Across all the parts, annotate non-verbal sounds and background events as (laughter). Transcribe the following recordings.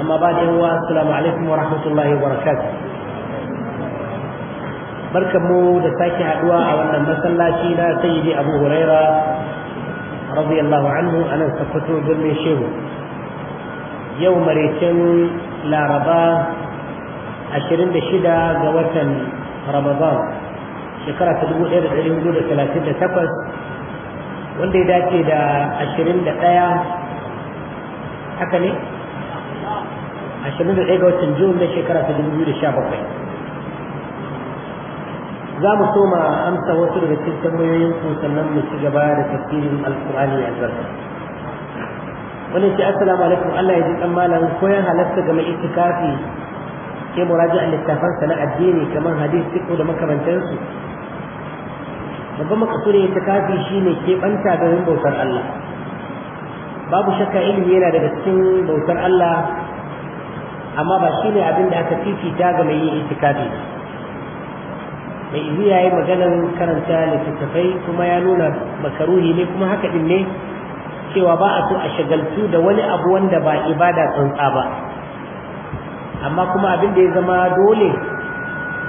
أما بعد السلام عليكم ورحمة الله وبركاته barkanmu da sake haɗuwa a wannan masallaci na sayyidi abu huraira radiyallahu anhu a nan sakwato birnin shehu yau maraicin laraba 26 ga watan ramadan shekara ta 1438 wanda ya dace da 21 haka ne ashirin da ɗaya ga watan Jun na shekara ta dubu biyu da sha bakwai. Za mu soma amsa wasu daga cikin tambayoyin ku sannan mu ci gaba da tafsirin Alƙur'ani a albarka. Wani ce assalamu alaikum Allah ya ji ɗan malam koyan halatta game itikafi ke a littafansa na addini kamar hadisi ko da makamantansu babban makasurin itikafi shine keɓanta garin bautar Allah babu shakka ilimi yana daga cikin bautar Allah amma ba shi ne abin da aka fifita ga mai yin itikafi mai izi ya yi maganar karanta littattafai kuma ya nuna makaruhi ne kuma haka din ne cewa ba a so a shagaltu da wani abu wanda ba ibada tsantsa ba amma kuma abin da ya zama dole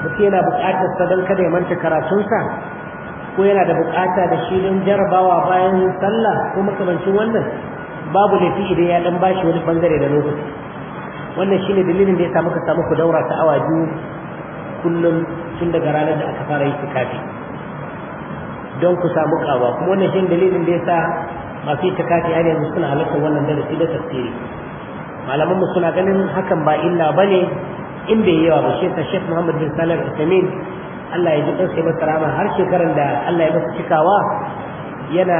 mutum yana buƙatar sa don kada ya manta karatunsa ko yana da buƙata da shi don jarabawa bayan sallah ko makamancin wannan babu laifi idan ya ɗan bashi wani bangare da lokaci wannan shine dalilin da ya sa muka samu ku daura ta awa biyu kullum tun daga ranar da aka fara itikafi don ku samu kawa kuma wannan shine dalilin da ya sa masu itikafi har yanzu suna halartar wannan darasi da tafsiri malaman mu suna ganin hakan ba illa ne. in bai yawa ba shi shek Muhammad bin salar Al-Tamin Allah ya ji sai masa rama har shekaran da Allah ya masa cikawa yana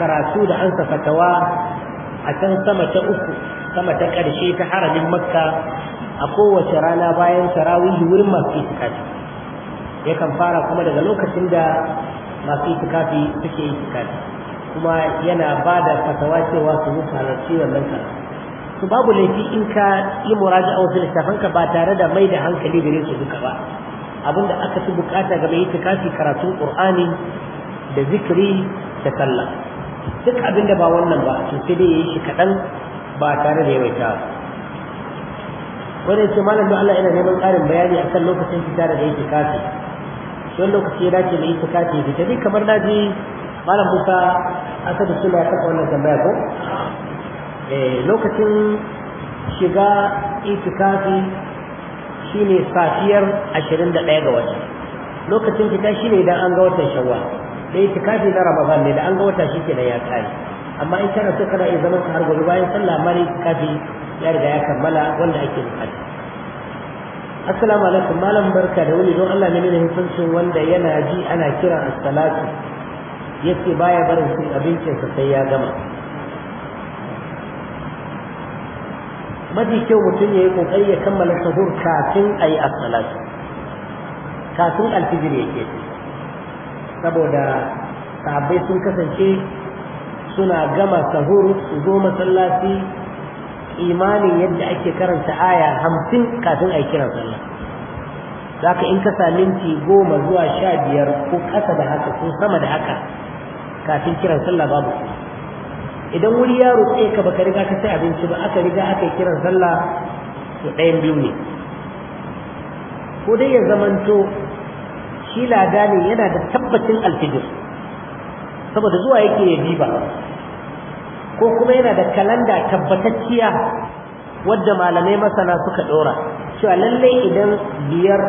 karatu da ansa fatawa a can sama ta uku sama ta ƙarshe ta haramin makka a kowace rana bayan tarawihi wurin masu itikafi yakan fara kuma daga lokacin da masu itikafi suke itikafi kuma yana ba da fatawa cewa su mutu halarci wannan kan su babu laifi in ka yi muraji a wasu ka ba tare da mai da hankali gare su duka ba abinda aka fi bukata ga mai itikafi karatun qur'ani da zikiri da sallah duk abinda ba wannan ba to sai dai yayi shi kaɗan ba tare da yawaita wanda yake malam Allah yana neman ƙarin bayani akan lokacin fita da yake kafi don lokaci ya dace da yake kafi fita ni kamar na ji malam Musa asali suna saka wannan tambaya ko eh, lokacin shiga itikafi shine safiyar 21 ga wata lokacin fita shine idan an ga watan shawwal da itikafi na Ramadan ne da an ga wata shi ke da ya kai amma in kana so kana iya zama ka har gobe bayan sallah mari kafi ya riga ya kammala wanda ake bukata assalamu alaikum malam barka da wuni don Allah ne mene hukuncin wanda yana ji ana kiran as-salatu yace baya barin cin abincin sa sai ya gama mafi kyau mutum ya yi kokari ya kammala sahur kafin a yi as-salatu kafin alfijir yake saboda sahabbai sun kasance suna gama sahur su zo masallaci imanin yadda ake karanta aya hamsin kafin a yi kiran sallah za ka in minti goma zuwa sha biyar ko ƙasa da haka ko sama da haka kafin kiran sallah babu su idan wuri ya rutse ka baka riga ka sai abinci ba aka riga aka yi kiran sallah to ɗayan biyu ne ko dai ya zamanto shi lada ne yana da tabbacin alfijir saboda zuwa yake ya bi ba ko kuma yana da kalanda tabbatacciya wadda malamai masana suka dora cewa lallai idan biyar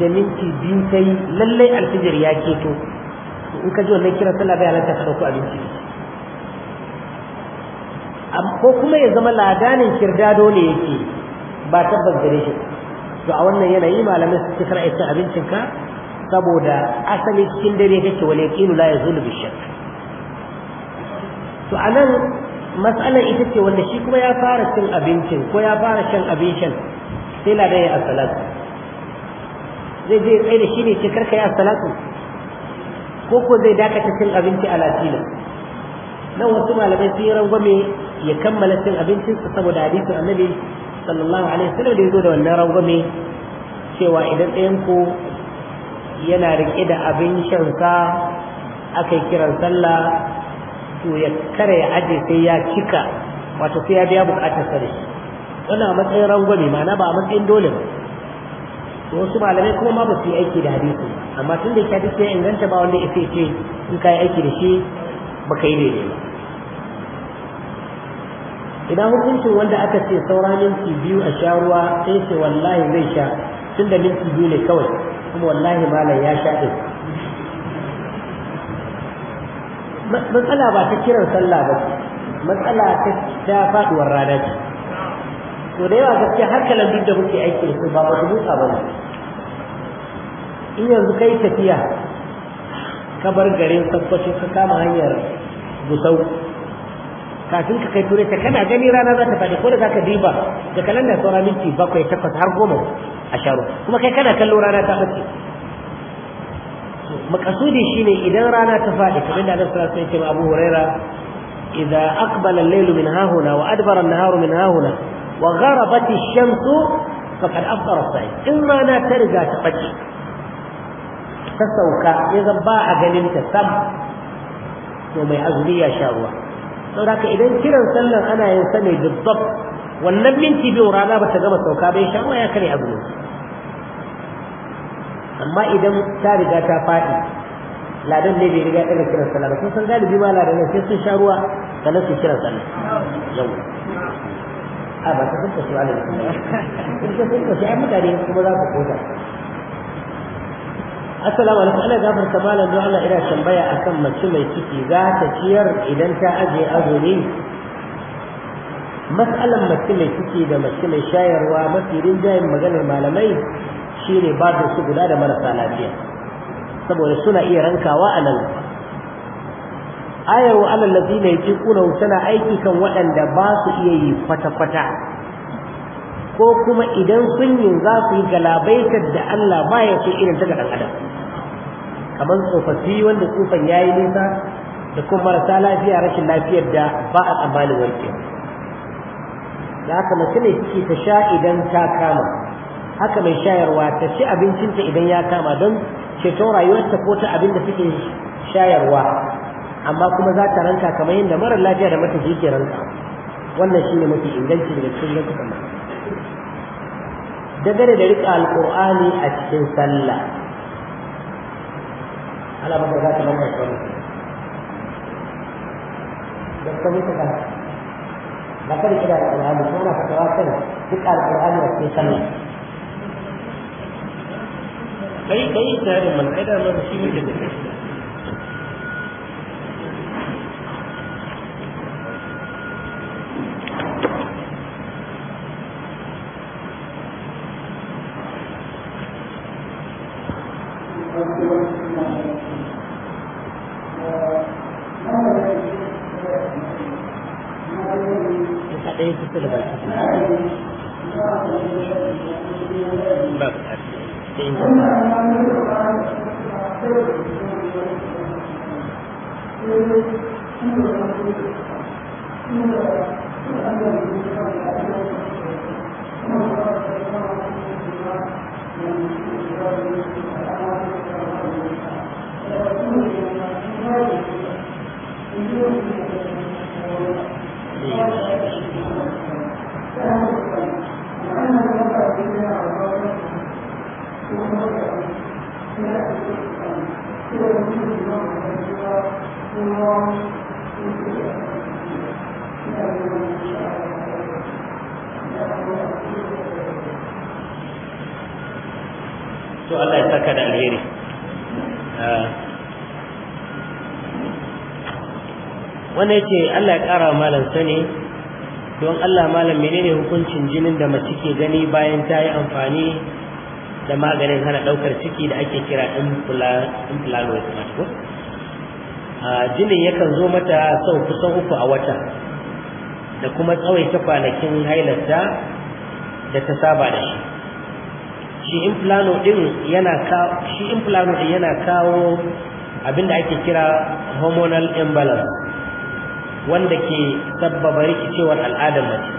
da minti biyu ta yi lallai alfijir ya keto in ka ji wannan kira sallah bai halatta ka ɗauko abinci ko kuma ya zama ladanin kirdado ne yake ba tabbas gare shi to a wannan yanayi malamai su cikar aikin abincinka saboda asali cikin dare kake wal kinu la yazulu bi shakk to a nan matsalar ita ce wanda shi kuma ya fara cin abincin ko ya fara shan abin shan sai na daya asalatu. zai je tsaye da shi ne ce karka ya ko ko zai dakata cin abinci a latina nan wasu malamai sun yi rangwame ya kammala cin abincinsa saboda hadisin annabi sallallahu alaihi wasallam da ya zo da wannan rangwame cewa idan ɗayan ku yana riƙe da abin shansa aka yi kiran sallah to ya kare ya aje sai ya cika wato sai ya biya bukatar sa da wannan matsayin rangwame ma'ana ba a matsayin dole ba to wasu malamai kuma ma ba su yi aiki da hadisi amma tun da hadisi sai inganta ba wanda ya ce in ka aiki da shi ba ka yi daidai ba idan hukuncin wanda aka ce saura minti biyu a sha ruwa sai ce wallahi zai sha tun da minti biyu ne kawai kuma wallahi malam ya sha ɗin matsala ba ta kiran sallah ba matsala ta ta faduwar rana ce to da yawa gaskiya hankalin duk da muke aiki su ba ba duka ba in yanzu kai tafiya ka bar garin tabbaci ka kama hanyar busau kafin ka kai turai ta kana gani rana za ta faɗi ko da za ka diba da kalanda sauran minti bakwai takwas har goma a sharo kuma kai kana kallo rana ta fashe. shi ne idan rana ta faɗi kamar da annabi sallallahu alaihi wasallam Abu Huraira idza aqbala al-layl min hahuna wa adbara an-nahar min hahuna wa gharabat ash-shams faqad afṭara as-sa'im in rana ta riga ta faɗi ta sauka ya zan ba a ganin ta sam to mai azumi ya sha ruwa saboda idan kiran sallar ana yin sa ne bizzab wannan minti biyu rana ba ta gama sauka bai sha ruwa ya kare azumi amma idan ta riga ta faɗi ladan ne bai riga ɗaga kiran sallah ba sun san galibi ma ladan sai sun sha ruwa sannan su kiran sallah yau a ba ta kuka su ala kuma in ka kuka ai mutane kuma za ku koda assalamu alaikum ana gafarta malam don Allah ina tambaya akan mace mai ciki za ta ciyar idan ta ajiye azumi matsalan mace mai ciki da mace mai shayarwa mafi rinjayen maganar malamai Shi ne babin su guda da marasa lafiya saboda suna iya rankawa a nan ayar wa alal ladina kuna tana aiki kan waɗanda ba su iya yi kwata-kwata ko kuma idan sun yi za su yi galabaitar da Allah ba ya ce irin ta ga adam kamar tsofaffi wanda tsufan yi nisa da kuma marasa lafiya rashin lafiyar da ba a tsammanin warkewa da haka mace ne ta sha idan ta kama haka mai shayarwa ta ci abincinta idan ya kama don ceton rayuwarta ko ta abin da suke shayarwa amma kuma za ta ranka kamar yadda marar lafiya da mata ke ranka wannan shine mafi inganci daga cikin lokutan nan dagare da rika alqur'ani a cikin sallah ana ba za ta ranka wannan da kuma ta ba ka rika da alqur'ani ko na fatawa kan rika alqur'ani a cikin sallah kai kai tsarin man aida mun shi muke da shi wani ya ce Allah ya ƙara malam sani don Allah malam menene hukuncin jinin da mace ke gani bayan ta yi amfani da maganin hana ɗaukar ciki da ake kira implant ko jinin yakan zo mata sau kusan uku a wata da kuma tsawaita kwanakin hailarta da ta saba da shi shi implano din yana kawo shi implano din yana kawo abinda ake kira hormonal imbalance wanda ke sabbaba rikicewar al'adar mace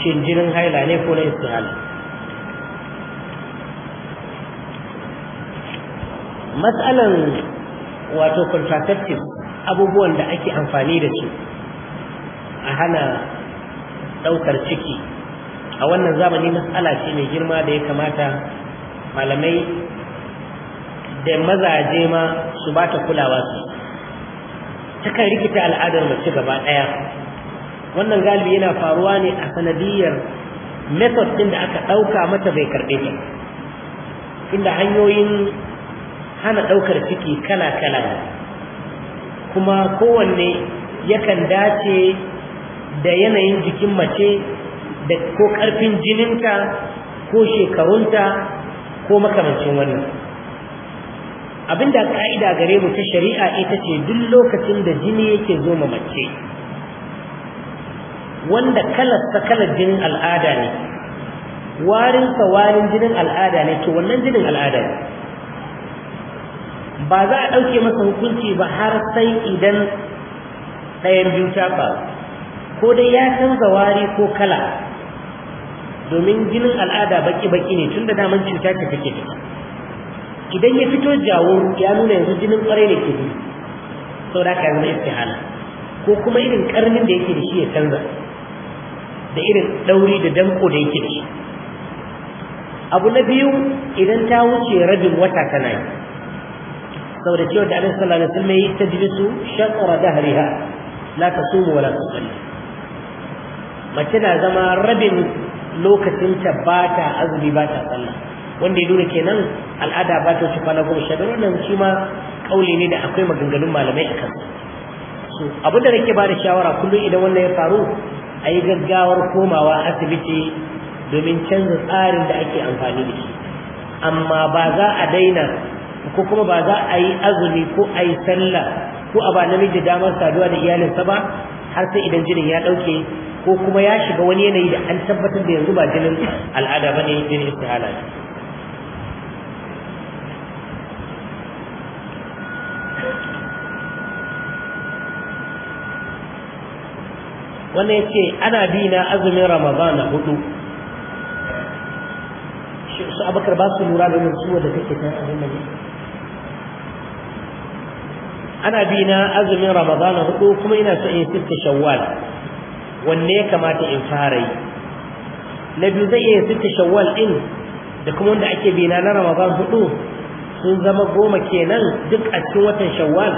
shin jinin haila ne ko na istihala matsalan wato contraceptive abubuwan da ake amfani da su a hana ɗaukar ciki a wannan zamani matsala ce mai girma da ya kamata malamai da mazaje ma su ba ta kulawa su takan rikita al'adar mace gaba ɗaya wannan galibi yana faruwa ne a sanadiyar method ɗin da aka ɗauka mata bai karɓe ta inda hanyoyin hana ɗaukar ciki kala-kala ne kuma kowanne yakan dace da yanayin jikin mace da ko ƙarfin jininta ko shekarunta ko makamancin wani. abinda ka'ida gare mu ta shari'a ita ce duk lokacin da jini yake zo ma mace wanda kalarsa kalar jinin al'ada ne warinsa warin jinin al'ada ne to wannan jinin al'ada ne ba za a ɗauke masa hukunci ba har sai idan ɗayan biyu ba, ko dai ya canza wari ko kala domin jinin al'ada baki-baki ne tunda da daman cuta ta take idan ya fito jawo ya nuna yanzu jinin kwarai ne ke gudu sau da ka yanzu hala. ko kuma irin karnin da yake da shi ya canza da irin ɗauri da damko da yake da shi abu na biyu idan ta wuce rabin wata tana yi Sau da cewa da annabi sallallahu alaihi wasallam yi tajlisu shaqra dahriha la tasumu wa la tusalli mace na zama rabin lokacin ta ba ta azumi ba ta sallah wanda ya nuna kenan al'ada ba ta cika na goma sha biyar wannan shi ma kauli ne da akwai maganganun malamai a kansa so abinda nake ba da shawara kullum idan wannan ya faru a yi gaggawar komawa asibiti domin canza tsarin da ake amfani da shi amma ba za a daina ko kuma ba za a yi azumi ko a yi sallah ko a ba namiji damar saduwa da iyalinsa ba har sai idan jinin ya ɗauke ko kuma ya shiga wani yanayi da an tabbatar da yanzu ba jinin al'ada ba ne jinin istihala wannan ya ce ana bi na azumin ramadan na hudu shi su abakar ba su lura da wani suwa da take ta abin da ana bi na azumin ramadan na hudu kuma ina so in sitta shawwal wanne ya kamata in fara yi na biyu zai iya sitta shawwal din da kuma wanda ake bi na na ramadan hudu sun zama goma kenan duk a cikin watan shawwal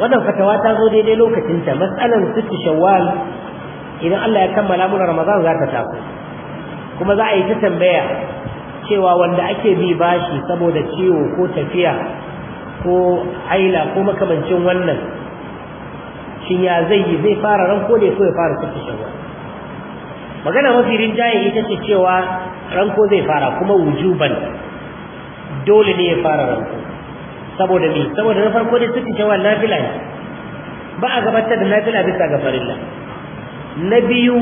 wannan fatawa ta zo daidai lokacin ta matsalan sitti shawwal idan Allah ya kammala mana ramadan za ta tafi kuma za a yi ta tambaya cewa wanda ake bi bashi saboda ciwo ko tafiya ko haila ko makamancin wannan shin ya zai yi zai fara ranko ne ko ya fara sitti shawwal magana mafi rinjaye ita ce cewa ranko zai fara kuma wujuban dole ne ya fara ranko saboda me saboda na farko dai suke cewa nafila ne ba a gabatar da nafila bisa ga farilla na biyu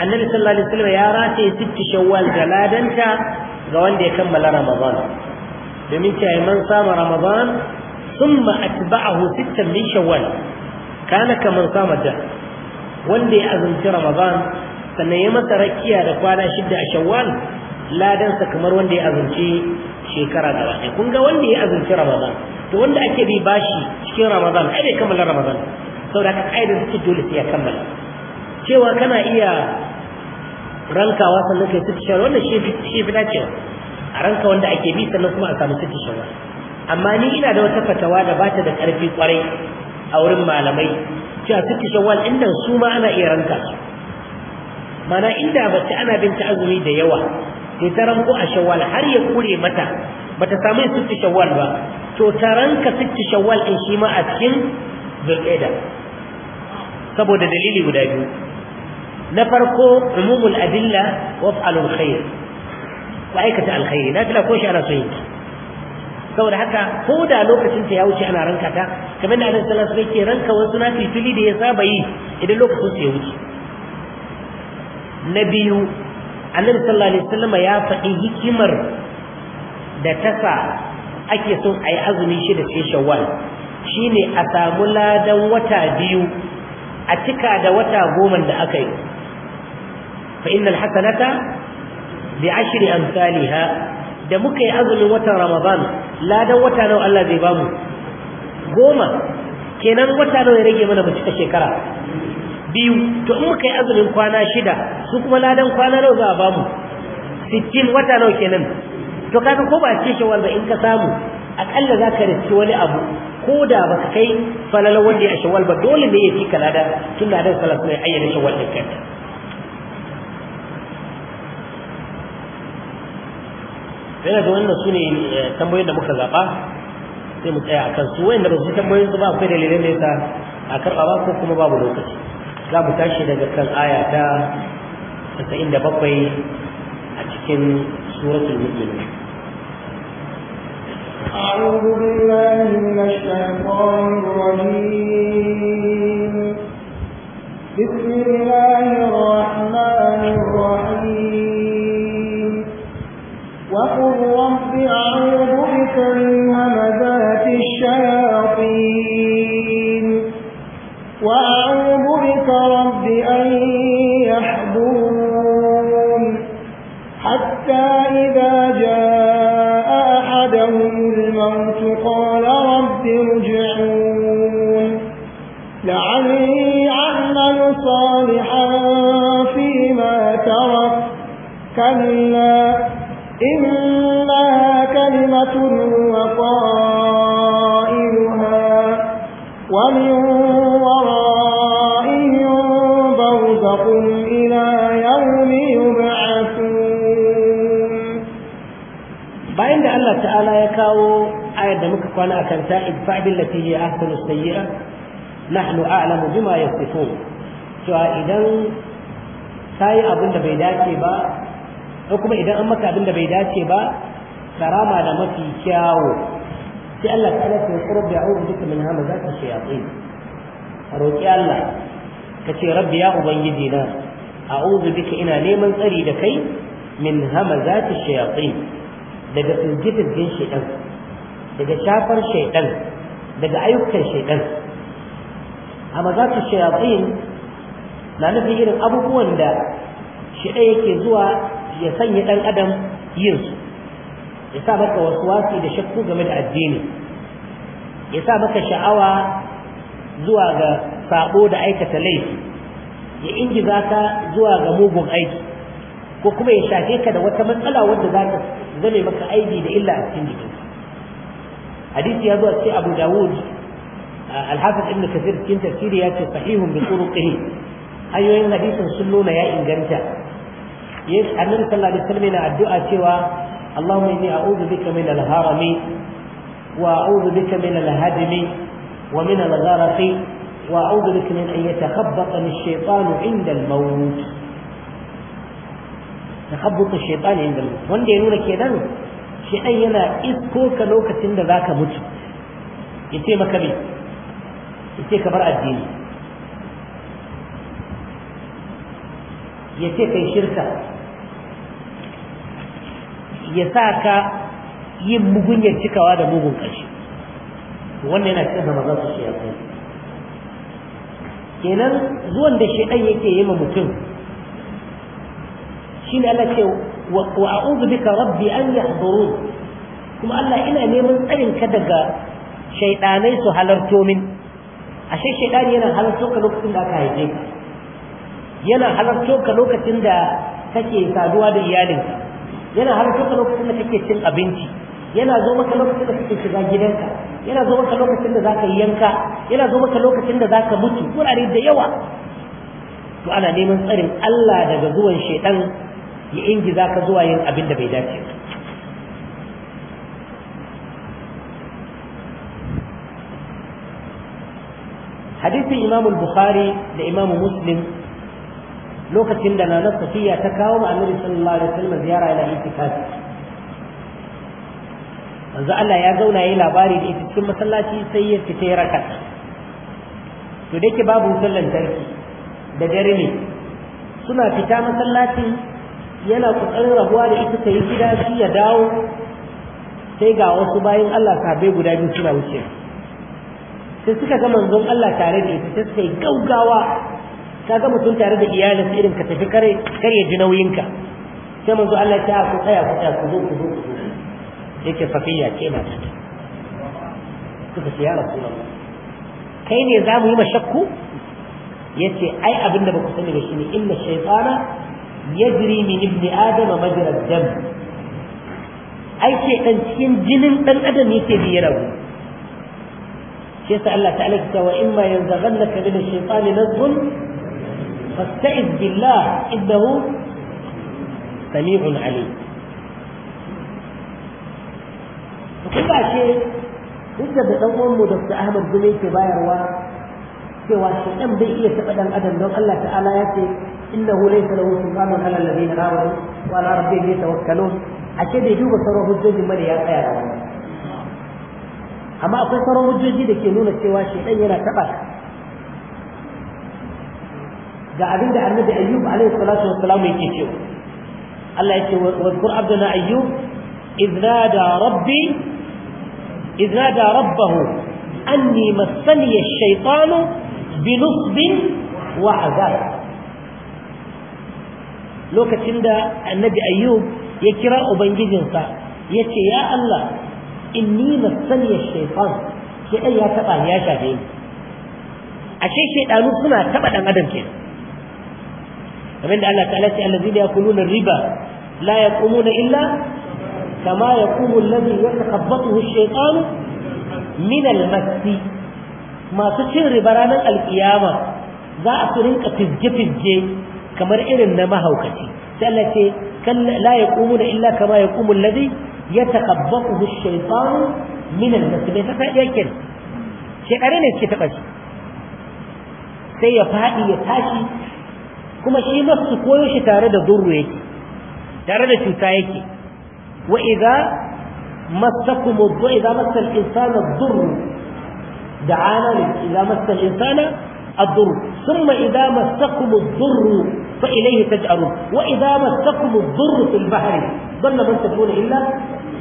annabi sallallahu alaihi wasallam ya rataye sitti shawwal da ladanta ga wanda ya kammala ramadan domin cewa man sama ramadan thumma atba'ahu sittan min shawwal kana kaman sama da wanda ya azumci ramadan sannan ya masa rakiya da kwana shidda a shawwal ladansa kamar wanda ya azumci shekara gaba ɗaya kun ga wanda ya azumci ramadan to wanda ake bi bashi cikin ramadan ai bai kammala ramadan saboda haka ai da suke dole sai ya kammala cewa kana iya rankawa sannan kai sita shawara, wannan shi fi dacewa a ranka wanda ake bi sannan kuma a samu sita shawara. amma ni ina da wata fatawa da bata da ƙarfi ƙwarai a wurin malamai cewa sita shawara, inda su ma ana iya ranka su mana inda bace ana binta azumi da yawa sai ta ranko a shawwal har ya kure mata bata samu ya sitti shawwal ba to ta ranka sitti shawwal din shi ma a cikin zulqaida saboda dalili guda biyu na farko umumul adilla wa fa'alul khair wa aikata alkhair na kila ko shi ana so yin saboda haka ko da lokacin ta ya wuce ana ranka ta kamar da annabi sallallahu alaihi wasallam yake ranka wasu na fitili da ya saba yi idan lokacin ya wuce na biyu annabi sallallahu alaihi wasallam ya faɗi hikimar da ta tasa ake son a yi azumi shida sai shawwal ne a samu ladan wata biyu a cika da wata goma da aka yi fa innal hasanata bi ashri amsalha da muka yi azumin watan ramadan ladan wata nawa Allah zai bamu goma kenan wata nawa ya rage mana mu cika shekara biyu to in muka yi azumin kwana shida su kuma ladan kwana nawa za a bamu sittin wata nawa kenan to kaga ko ba ce shawar ba in ka samu akalla za ka riski wani abu ko da ba ka kai falalar wanda ya shawar ba dole ne ya fi ka lada tun ladan salas mai ayyana shawar ɗin kanta yana da wannan su ne eh, tambayoyin da muka zaɓa sai mu tsaya a kansu wayanda ba su tambayoyin su ba akwai dalilin da sa a karɓa ba ko kuma babu lokaci za mu tashi daga kan aya ta 97 a cikin suratul mu'min أعوذ بالله من الشيطان الرجيم بسم الله الرحمن الرحيم وقل رب أعوذ بك من يعمل صالحا فيما ترك كلا إنها كلمة وقائلها ومن ورائهم برزق إلى يوم يبعثون بعد الله تعالى يكاو آية دمك قوانا أكنتا ادفع بالتي هي أحسن السيئة nahnu a'lamu bima yasifun cewa idan kayi abin da bai dace ba ko kuma idan an maka abin da bai dace ba karama da mafi kyawo sai Allah ta alaƙa ya ƙurar da a'udhu duka min hama za ka shayatsi a Allah ka ce rabbi ya ubangiji na a'udhu duka ina neman tsari da kai min hama za ta shayatsi daga tsirgitsin shaidan daga shafar shaidan daga ayyukan shaidan a mazatu shayafin na nufin irin abubuwan da shi ɗaya yake zuwa ya sanya ɗan adam yin su ya sa maka wasu wasi da shakku game da addini ya sa maka sha'awa zuwa ga sabo da aikata laifi ya ingiza ka zuwa ga mugun aiki ko kuma ya shafe ka da wata matsala wadda za ta zame maka aiki da illa a cikin jikin hadisi ya zuwa ce abu dawud alhafiz ibn kasir cikin ya ce sahihun bi turuqihi hanyoyin hadisin sun nuna ya inganta yes annabi sallallahu addu'a cewa Allahumma inni ya nuna kenan yana da zaka mutu yace ka bar addini yace kai shirka ya sa ka yin mugunyar cikawa da mugun ƙarshe wannan yana cikin zama za su shi yaƙi kenan zuwan da shi ɗan yake yi ma mutum shi ne Allah ce wa a'udhu bika rabbi an yahdurun kuma Allah ina neman tsarin ka daga shaiɗanai su halarto min ashe shaidani yana halarto ka lokacin da aka haife ka yana halarto ka lokacin da kake saduwa da iyalinka yana halarto ka lokacin da kake cin abinci yana zo maka lokacin da kake shiga gidanka yana zo maka lokacin da zaka yanka yana zo maka lokacin da zaka mutu wurare da yawa to ana neman tsarin Allah daga zuwan shaidan ya ingiza ka zuwa yin abin da bai dace ba hadisin Imamul bukhari da imamu muslim lokacin da na safiya ta kawo ma annabi sallallahu alaihi wasallam ziyara ila itikafi manzo Allah ya zauna yayi labari da ita cikin masallaci sai ya fita ya raka to da babu wutar lantarki da dare ne suna fita masallacin yana kokarin rabuwa da ita ta yi gida shi ya dawo sai ga wasu bayan Allah sabai guda biyu suna wucewa sai suka ga manzon Allah tare da ita sai suka yi gaugawa ka mutum tare da iyalinsa irin ka tafi kare kar ya ji nauyinka sai manzo Allah ta ku tsaya ku tsaya ku zo ku zo ku zo yake safiya ke na ta suka ce ya rasulullah kai ne za mu yi mashakku yace ai abin da baku sani ba shine inna shaytana yajri min ibn adam majra dam ai ce dan cikin jinin dan adam yake bi ya rabu يسأل الله تعالى وإما ينزغنك من الشيطان نزغ فاستعذ بالله إنه سميع عليم وكما شيء إنت بتقول مدرسة أهم الدنيا تباير و سوى شيئاً بي إيه تبدأ الأدم لو الله تعالى يأتي إنه ليس له سلطان على الذين آمنوا وعلى ربهم يتوكلون عشان يجوز صروه الزوج مريم أيها الأولاد amma akwai sauran hujjoji da ke nuna cewa shaidan yana taɓa ka ga abin da annabi ayyub alaihi salatu wassalam yake cewa Allah yake wadkur abdana ayyub iznada rabbi iznada rabbahu anni massani ash-shaytanu bi nusbin wa azab lokacin da annabi ayyub ya kira ubangijinsa ya ce ya Allah inni masaniya shaitan shi ai ya taɓa ya shafe ni ashe shaidanu suna taɓa ɗan adam kenan kamar da Allah ta'ala ce Kulu na riba la na illa kama ya yaqumu alladhi yatakabbathu ash-shaytan min al-masi masu cin riba ranar alkiyama za a su rinka fizge-fizge kamar irin na mahaukaci sai Allah ce la na illa kama ya yaqumu alladhi يتقبضه الشيطان من المسجد يتفادي كده shekare ne suke taɓa shi sai ya faɗi ya tashi kuma shi masu koyo shi tare da durru yake tare da cuta yake wa idza massakum wa idza massa al-insana ad-durr da'ana idza massa al-insana ad-durr thumma idza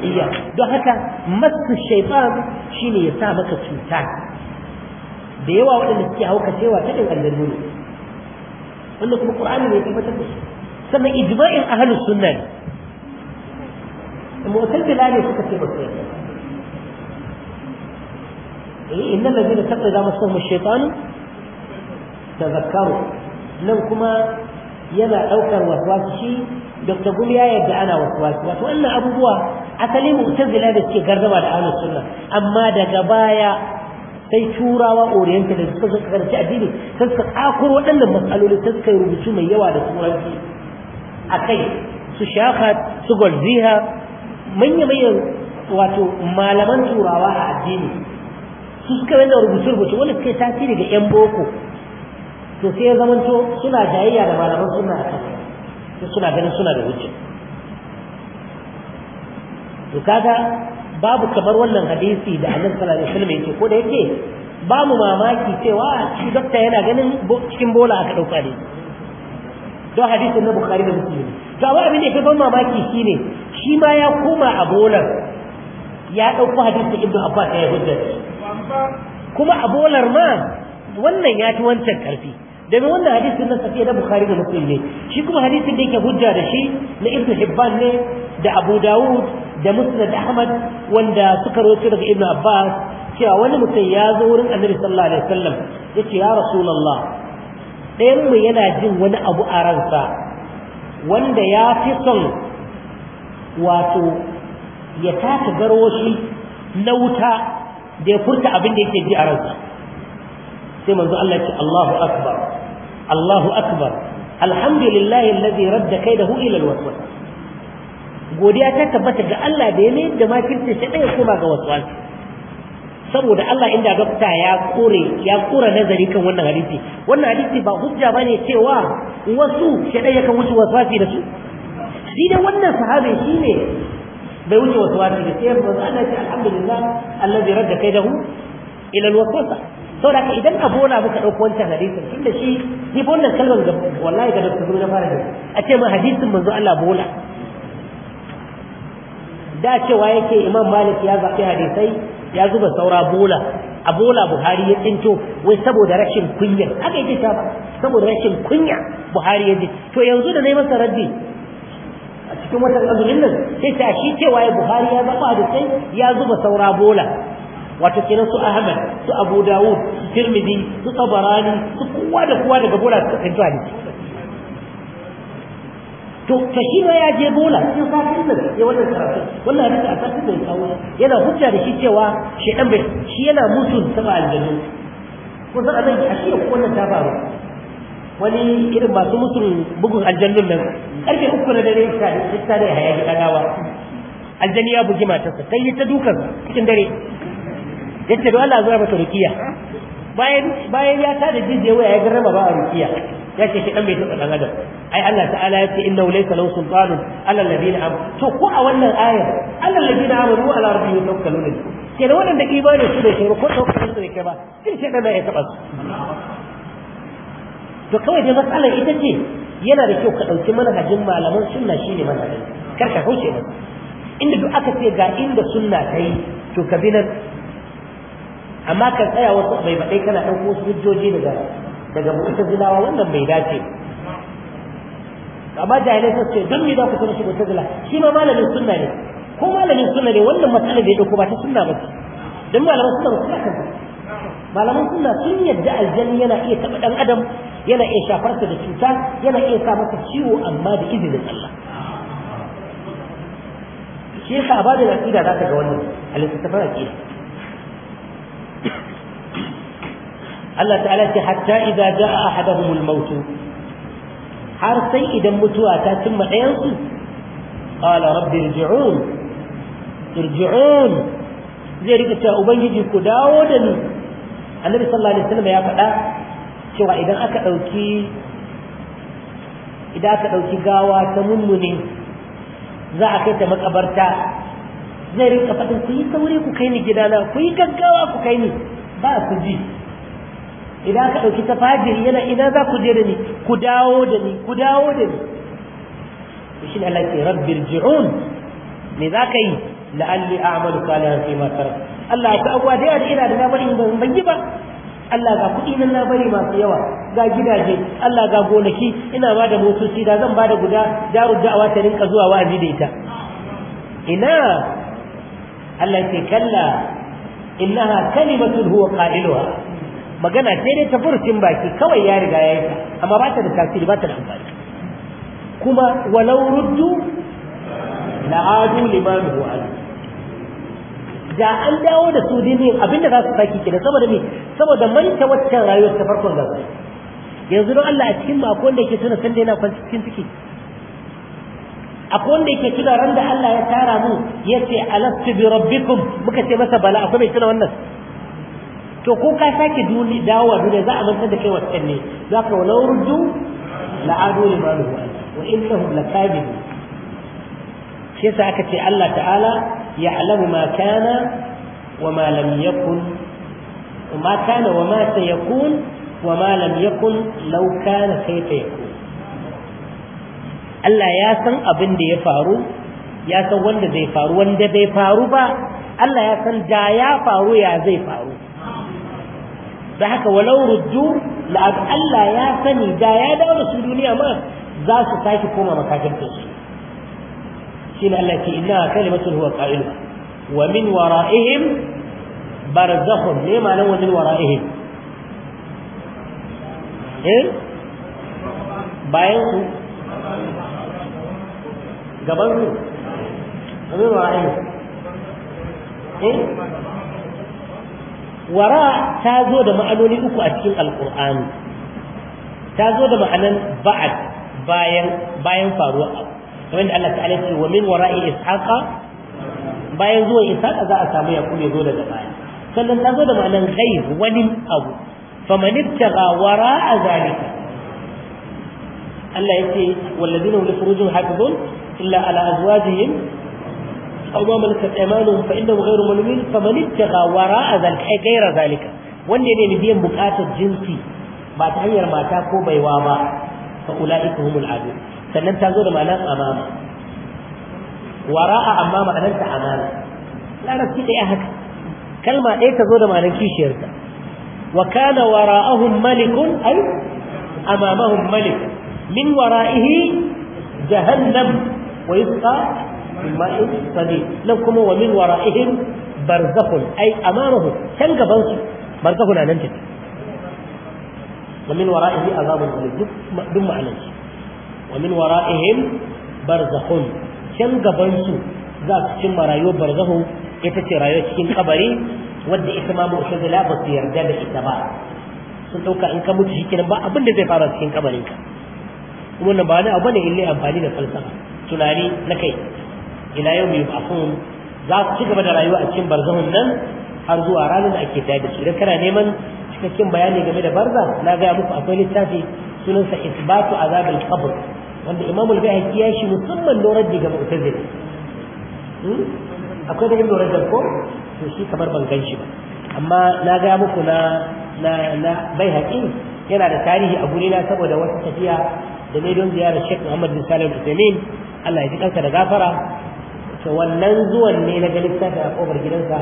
iya don haka masu shaitan shine ya sa maka cuta da yawa waɗanda suke hauka cewa ta ɗin aljannu ne wanda kuma ƙur'ani ne tabbatar da shi sannan ijma'in ahlus sunna ne mu'tazila ne suka ce ba su yarda eh innal ladina taqwa da masahum ash-shaytan tazakkaru nan kuma yana daukar shi. Dr. Gul ya yadda ana wasu, wato wannan abubuwa asali mu'tazila da suke gardama da ahlus sunna amma daga baya sai turawa orienta da suka zo karshe addini sai suka tsakuro waɗannan matsaloli sai suka rubutu mai yawa da turanci akai su shafa su golziha manya-manyan wato malaman turawa a addini su suka da rubutu rubutu wani suka yi tasiri ga 'yan boko to sai ya zamanto suna jayayya da malaman suna a kai sai suna ganin suna da hujja to kaga babu kamar wannan hadisi da annabi sallallahu alaihi wasallam yake ko da yake ba mu mamaki cewa shi dokta yana ganin cikin bola aka dauka ne don hadisin na bukhari da muslim ga wa abin da yake ban mamaki shine shi ma ya koma a bolar ya dauko hadisin ibnu abbas ya hujja kuma a bolar ma wannan ya ci wancan karfi domin wannan hadisin nan safiya na bukhari da muslim ne shi kuma hadisin da yake hujja da shi na ibnu hibban ne da abu dawud da musnad ahmad wanda suka rawaito daga ibnu abbas cewa wani mutum ya zo wurin annabi sallallahu alaihi wasallam yace ya rasulullah ɗayan mu yana jin wani abu a ransa wanda ya fi son wato ya taka garwashi na wuta da ya furta abin da yake ji a ransa sai manzo Allah ya ce Allahu akbar Allahu akbar alhamdulillahi alladhi radda kaidahu ila alwaswas godiya ta tabbata ga Allah da ya ne da makirci sai ɗaya koma ga wasu. saboda Allah inda dokta ya kore ya kura nazari kan wannan hadisi wannan hadisi ba hujja bane cewa wasu shi ya kan wuce wasu da su shi da wannan sahabi ne bai wuce wasu wasu da sai manzo Allah ya alhamdulillah alladhi radda kaidahu ila alwaswasa saboda haka idan ka bona muka dauko wancan hadisin tunda shi ni bonan kalmar ga wallahi ga dukkan na fara da a ce ma hadisin manzo Allah bona da cewa yake imam malik ya zaɓi hadisai ya zuba saura bola a bola buhari ya tsinto wai saboda rashin kunya haka yake ta saboda rashin kunya buhari ya ji to yanzu da na yi masa raddi a cikin watan azumin nan sai ta shi cewa ya buhari ya zaɓa hadisai ya zuba saura bola wato kenan su Ahmad su Abu Dawud su Tirmidhi su Tabarani su kowa da kowa daga bola suka kai ne. to ka shi ma ya je bola sai sakin da ya wannan karatu wannan hadisi a sakin da kawo yana hujja da shi cewa shedan bai shi yana mutun sama aljanu ko za a a shi ko wannan ta faru wani irin masu mutum bugun aljannun nan karfe uku na dare ta da ta da hayaki dagawa aljanni ya bugi matarsa sai ta dukan cikin dare yace don Allah zuwa mata rukiya bayan bayan ya tada jijiya waya ya garrama ba a rukiya yace shi dan bai tsaka dan adam ai Allah ta'ala yace inna laysa lahu sultanun ala alladhina am to ko a wannan aya ala alladhina amanu ala rabbihim yatawakkalun ke da wannan da ne su da shi ko tawakkalun su ke kai ba shi shi da ya taba su to kawai dai matsalar ita ce yana da kyau ka dauki manhajin malaman sunna shine manhajin kar ka kauce ba inda duk aka ce ga inda sunna ta yi to ka bi nan amma ka tsaya wasu bai baɗai kana ɗan wasu hujjoji daga daga mu'tazilawa wannan bai dace amma jahilai sun ce don me za ku tana shi mu'tazila shi ma malamin sunna ne ko malamin sunna ne wannan matsalar da ya ɗauko ba ta sunna ba ce don malaman sunna ba su kan malaman sunna sun yadda aljanni yana iya taɓa ɗan adam yana iya shafar shafarsa da cuta yana iya sa masa ciwo amma da izinin Allah shi yasa a babin aqida zaka ga wannan ta fara aqida Allah ta'ala ce hatta idza jaa ahaduhum al-maut har sai idan mutuwa ta cimma ɗayan su qala rabbi irji'un irji'un zai rika ta ubangiji ku dawo da ni annabi sallallahu alaihi wasallam ya faɗa cewa idan aka ɗauki idan aka ɗauki gawa ta mummune za a kai ta makabarta zai rinka faɗin su yi sauri ku kai ni gidana ku yi gaggawa ku kai ni ba su ji idan ka ɗauki fajiri yana ina za ku je da ni ku dawo da ni ku dawo da ni shi Allah ke rabbir ji'un me za ka yi la'alli a'malu salihan fi ma tarak Allah ka abuwa da yawa ina da na bari ban ban yi ba Allah ga kuɗi nan na bari masu yawa ga gidaje Allah ga gonaki ina ba da motoci da zan ba da guda daru da'awa ta rinka zuwa wa'azi da ita ina Allah ce kalla innaha kalimatun huwa qailuha magana sai dai ta furcin baki kawai ya riga ya yi ta amma ba ta da tasiri ba ta da amfani kuma walau ruddu la'adu liman huwa da an dawo da su dinin abinda za su saki kenan saboda me saboda manta waccan rayuwar ta farkon gaba yanzu don Allah a cikin makon wanda yake san dai na kwanci cikin ciki akwai wanda yake tuna ran da Allah ya tara mu yace alastu bi rabbikum muka ce masa bala akwai mai tuna wannan to ko ka sake duni dawowa duniya za a mantar da kai wasan ne za ka walau ruddu la adu limanu wa innahum lakadibun shi yasa aka ce Allah ta'ala ya'lamu ma kana wa ma lam yakun ma kana wa ma sayakun wa ma lam yakun law kana kayfa yakun Allah ya san abin da ya faru ya san wanda zai faru wanda bai faru ba Allah ya san da ya faru ya zai faru da haka walau ruddu la'ad Allah ya sani da ya dawo da su duniya ma za su sake koma makafinta su ne Allah ke inna kalimatun huwa qa'il wa min wara'ihim barzakhun ne ma nan wa min wara'ihim eh bayan su gaban su domin wa ainihin eh wara ta zo da ma'anoni uku a cikin alkur'ani ta zo da ma'anan ba'ad bayan bayan faruwa abu kamar da Allah ta'ala ce wa min wara'i ishaqa bayan zuwa ishaqa za a samu yaqub ya zo daga baya sannan ta zo da ma'anan ghaib wani abu faman ibtaga wara'a zalika Allah yace walladina li furujihim hafizun إلا على أزواجهم أو ما ملكت أيمانهم فإنهم غير ملومين فمن ابتغى وراء ذلك أي غير ذلك والذين يبين بكاتة جنسي ما تغير ما تاكو بيوابا فأولئك هم العدو سنن تنظر معناه أمامه وراء أمامه أن أنت أمامه لا نفسك أهك كلمة إيه تنظر معناه شيرتا وكان وراءهم ملك أي أمامهم ملك من ورائه جهنم ويسقى من ماء صديق لكم ومن ورائهم برزخ أي أمامه كان قبلت برزخ أنا أنت ومن ورائه عذاب غليظ دم على ومن ورائهم برزخ كان قبلت ذاك ثم رايو برزخ يتتي رايو cikin kabari wanda ita ma mu'tazila ba su yarda da ita ba sun dauka in ka mutu shikenan ba abin da zai fara cikin kabarinka kuma ba a abu ne amfani da falsafa tunani na kai ila yau mai ba'asun za su ci gaba da rayuwa a cikin barzahun nan har zuwa ranar da ake tayar da su idan kana neman cikakken bayani game da barza na gaya muku akwai littafi sunansa isbatu azab al-qabr wanda imamu al-bayhaqi ya shi musamman lorar ga mu'tazila hmm? akwai da lorar da ko to shi kamar ban gan shi ba amma na gaya muku na na na bayhaqi yana da tarihi a guri na saboda wata tafiya da ne don ziyarar Sheikh Muhammad bin Salim uthaymeen Allah ya ji kansa da gafara to wannan zuwan ne na ga littafin a kofar gidansa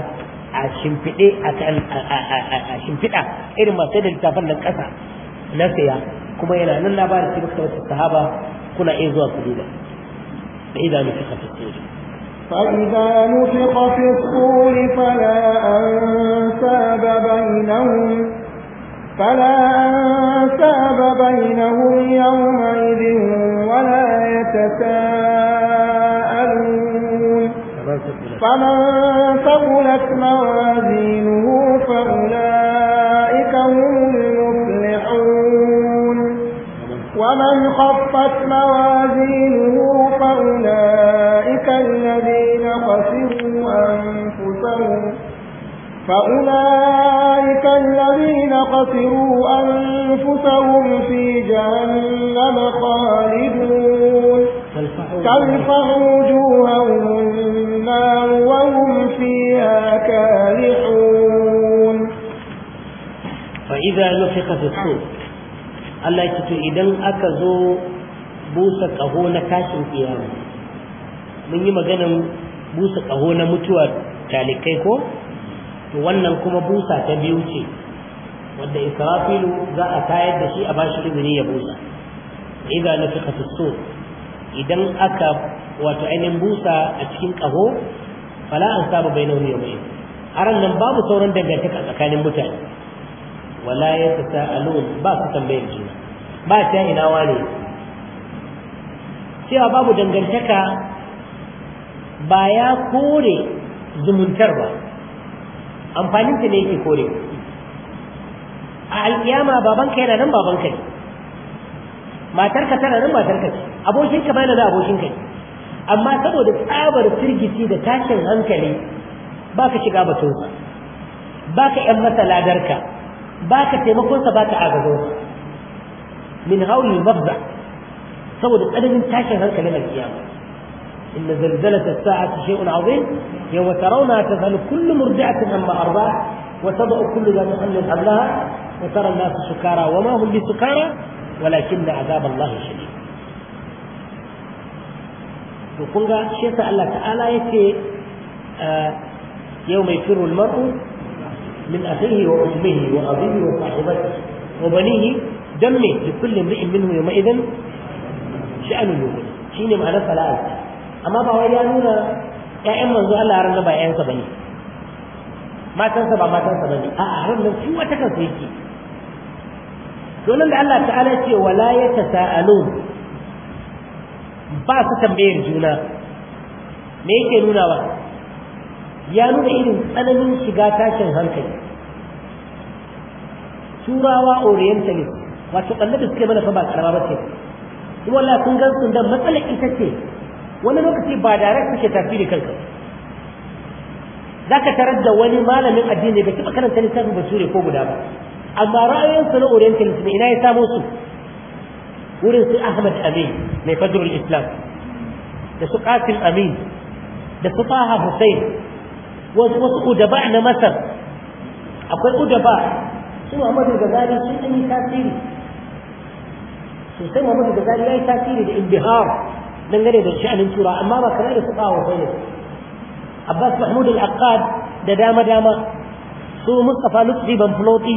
a shimfiɗe a shimfiɗa irin masu da na nan ƙasa na saya kuma yana nan na ba da cikin sahaba kuna iya zuwa ku duba da idanu suka fi فإذا نفخ في الصور فلا أنساب بينهم فلا أنساب بينهم يومئذ ولا يتساءلون فمن ثقلت موازينه فأولئك هم المفلحون ومن خفت موازينه فأولئك الذين خسروا أنفسهم فأولئك الذين خسروا أنفسهم في جهنم خالدون تلفح وجوههم النار وهم فيها كالحون فإذا نفق في الصور الله يتتو إذن أكزو busa ƙaho na kashin من mun yi maganan busa تالي كيكو to wannan kuma busa ta biyu ce wanda israfilu za a tayar da shi a bashi izini ya busa idan na fi sur idan aka wato ainihin busa a cikin ƙaho fala an saba nauyi ya bashi aran nan babu sauran dangantaka tsakanin mutane wala ya sa'alun ba su tambayar juna ba ta ina wane cewa babu dangantaka ba ya kore zumuntar ba amfanin ta ne yake kore a alkiyama babanka yana nan babanka ne matarka tana nan matarka ce abokinka bai da abokinka ne amma saboda tsabar firgici da tashin hankali baka shiga batunsa baka yan masa ladarka baka taimakonsa baka agazo min hauli mabda saboda tsananin tashin hankali na alkiyama إن زلزلة الساعة شيء عظيم يوم ترونها تذهل كل مرضعة أما أرضاع وتضع كل ذا محمل حملها وترى الناس سكارى وما هم بسكارى ولكن عذاب الله شديد وقلنا شيخ لك تعالى يتي آه، يوم يفر المرء من أخيه وأمه وأبيه وصاحبته وبنيه دمه لكل امرئ منه يومئذ شأن يومئذ شيء معناه فلا أزال amma ba wai ya nuna ƴaƴan manzo Allah ran ba ƴaƴansa bane matansa ba matansa bane a'a ran nan shi wata kansa yake domin da Allah ta'ala ce wala yatasaalun ba su tambayar juna me yake ba? ya nuna irin tsananin shiga tashin hankali turawa orientalist wato kallon da suke mana fa ba karama ba ce kuma Allah kun gan sun da matsalar ita ce wani lokaci ba direct kake tasiri kanka za ka tarar da wani malamin addini bai taɓa karanta littafin basure ko guda ba amma ra'ayoyinsa na orientalism ina ya samo su wurin su ahmad amin mai fadrul islam da su qasim amin da su taha hussein wasu wasu udaba na masar akwai udaba su muhammadu gazali sun yi tasiri sosai muhammadu gazali ya yi tasiri da indihar dangane da sha'anin tura amma ba kamar da su kawo ba ne abbas mahmud al-aqad da dama dama su mustafa lutfi ban floti